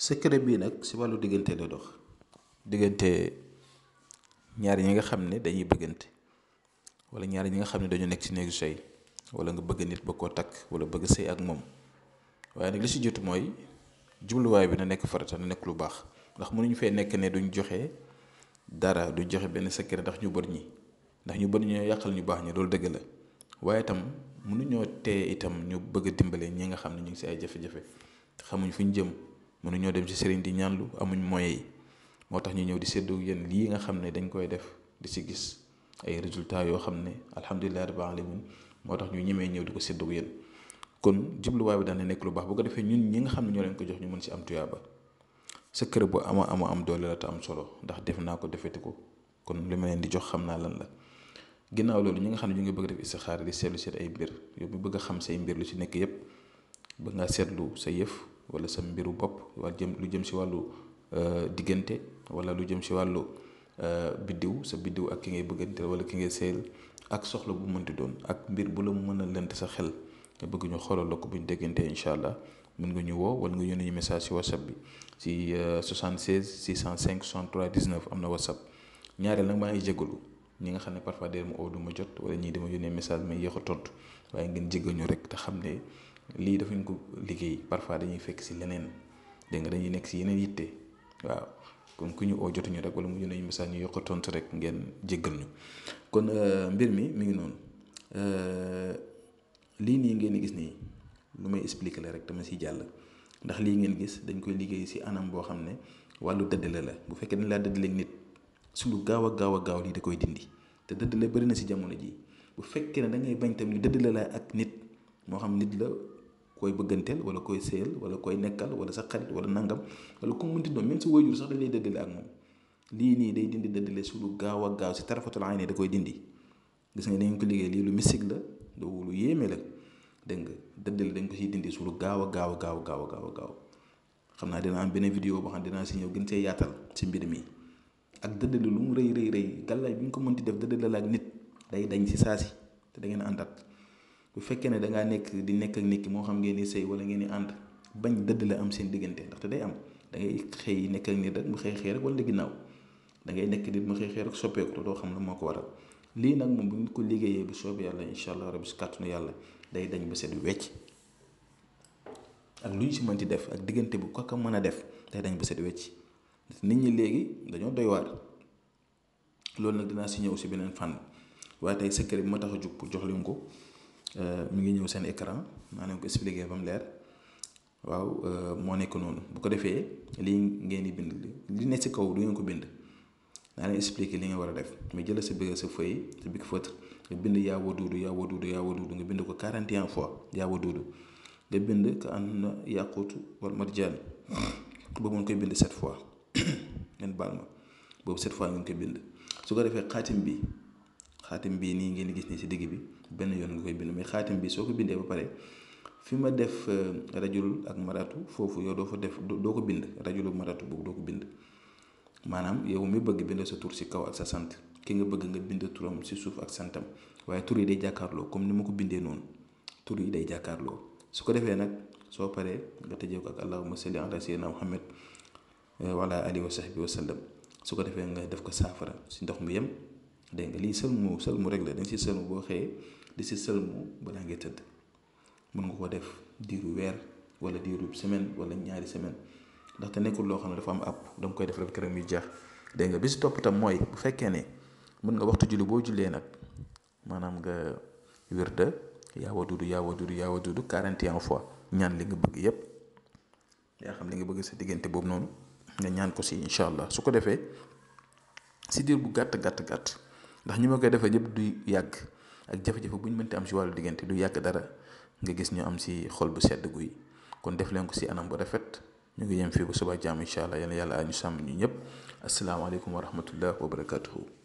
secret bi nak ci walu digënté la dox digënté ñaar ñi nga xamné dañuy bëggënté wala ñaar ñi nga xamné dañu nekk ci neegu sey wala nga bëgg nit bako tak wala bëgg sey ak mom waye nak li ci jott moy mooy way bi na nekk farata na nekk lu bax ndax mënuñu fe nekk né duñ joxé dara duñ joxé ben secret ndax ñu bër ñi ndax ñu bën ñu yàqal ñu bax ñi lool dëgg la waye tam mënuñu té itam ñu bëgg dimbalé ñi nga xamné ñu ngi ci ay jafe-jafe xamuñ fuñ jëm mënu ñoo dem ci sëriñ di ñaanlu amuñ moyen yi moo ñu ñëw di séddoo yeen li nga xam dañ koy def di ci gis ay résultats yo xam ne rabbil alamin motax ñu ñëmé ñëw di ko séddoo yeen kon way bi daan nekk lu baax bu ko defee ñun ñi nga xam ñoo leen ko jox ñu mën si am tuyaba sa kër bu ama ama am doole la ta am solo ndax def naa ko defeti ko kon lu ma leen di jox xam naa lan la ginnaaw loolu ñi nga xam ne ñu ngi bëgg def istixaara di seetlu seet ay mbir yow mi bëgg xam say mbir lu ci nekk yépp ba nga seetlu sa yëf wala sa mbiru bopp wala jëm lu jëm si wàllu euh, digënté wala lu jëm si wàllu euh, bidiw sa bidiw ak ki ngay bëggante wala ki ngay seel ak soxla bu mënti doon ak mbir bu la mën a lent sa xel nga bëgg ñu xoolal la ko buñ déggante incha allah mën nga ñu woo wala nga yónnee ñu message ci whatsapp bi si 76 605 63 19 am na whatsapp ñaareel nag maa ngi jégalu ñi nga xam ne parfois day ma oo du ma jot wala ñii dama yónnee message may yéex a tontu waaye ngeen jégal ñu rek te xam ne lii dafañ ko liggéey parfois dañuy fekk si leneen dégg nga dañuy nekk si yeneen yitte waaw kon ku ñu oo jotuñu rek wala mu ñu nañu message ñu yokk tont rek ngeen jéggal ñu kon euh, mbir mi mi ngi noonu euh, lii nii ngeen gis nii lu may expliquer la rek dama si jàll ndax lii ngeen gis dañ koy liggéey si anam boo xam ne wàllu dëddale la bu fekkee dañ laa dëddaleeg nit su lu gaaw a gaaw a gaaw lii da koy dindi te dëddale bëri na si jamono ji bu fekkee ne da ngay bañ tam ñu dëddale la ak nit moo xam nit la koy bëgganteel wala koy sëyal wala koy nekkal wala sa xarit wala nangam wala ku mënti doon même si waajur sax dañ lay dëddale ak moom lii nii day dindi dëddale su lu gaaw a gaaw si tarafatul ayni da koy dindi gis nga dañ ko liggéey lii lu mystique la lu lu yéeme la dégg nga dëddale dañ ko siy dindi su lu gaaw a gaaw a gaaw a gaaw a gaaw xam naa dina am benn vidéo boo xam dinaa si ñëw gën see yaatal si mbir mi ak dëddale lu mu rëy rëy rëy gàllaay bi ñu ko mënti def dëddale la ak nit day dañ si saa si te da ngeen àndaat bu fekkee ne da nekk di nekk ak nit ki moo xam ngeen di sëy wala ngeen di ànd bañ dëdd la am seen diggante ndaxte day am da ngay xëy nekk ak nit rek mu xëy xëy rek wala ginnaaw da ngay nekk nit mu xëy xëy rek soppeeku xam la moo ko waral lii nag moom bu ñu ko liggéeyee bu soobee yàlla incha allah rabi si kàttanu yàlla day dañ ba set wecc ak lu ñu si mën ci def ak diggante bu ko ko mën a def day dañ ba set wecc nit ñi léegi dañoo doy waar loolu nag dinaa si ñëw si beneen fànn waaye tey secret bi ma tax a jug pour jox leen ko. Euh, mi ngi ñëw seen écran maa ko expliqué ba mu leer waaw euh, moo nekk noonu bu ko defee lii ngeen di bind li ne ci kaw du ngeen ko bind naa leen expliqué li nga war a def mais jël sa bëgg sa feuille sa big feutre nga bind yaa waduudu yaa waduudu yaa waduudu nga bind ko 41 fois yaa waduudu nga bind ka ànd na yàqutu wal marjaan boobu ngeen koy bind 7 fois ngeen baal ma boobu 7 fois ngeen koy bind su ko defee xaatim bi. xaatim bii nii ngeen gis ni si digg bi benn yoon nga koy bind mais xaatim bi soo ko ba pare fi ma def euh, rajul ak maratu foofu yow doo fa def doo ko bind ak maratu boobu doo ko bind maanaam yow mi bëgg bind sa tur si kaw ak sa sant ki nga bëgg nga bind turam si suuf ak santam waaye tur yi day jàkkaarloo comme ni ma ko bindee noonu tur yi day jàkkaarloo su ko defee nag soo paree nga tëjee ko ak allahuma salli ala sayyidina muhammad euh, wala alihi wa sahbi wa sallam su ko defee nga def ko saafara si ndox mu yem dégg nga lii seul mu rek la da si mu boo xëyee di si sëlmu balaa ngay tëdd mën nga ko def diiru weer wala diiru semaine wala ñaari semaine ndaxte nekkul loo xam ne dafa am app da nga koy def rek këram yu jeex dégg nga bi si topp tam mooy bu fekkee ne mën nga waxtu julli boo jullee nag maanaam nga wirda yaa wadudu yaa wadudu yaa wadudu 41 fois ñaan li nga bëgg yépp yaa xam li nga bëgg sa diggante boobu noonu nga ñaan ko si incha allah su ko defee si diir bu gàtt gàtt gàtt ndax ñi ma koy defee ñëpp du yàgg ak jafe-jafe bu ñu mënti am si wàllu diggante du yàgg dara nga gis ñu am si xol bu sedd guy kon def leen ko si anam bu rafet ñu ngi yem fii bu subaa jàmm incha allah yal yàlla yàlla ñu sàmm ñu ñëpp asalaamaaleykum wa rahmatullah wa barakatuhu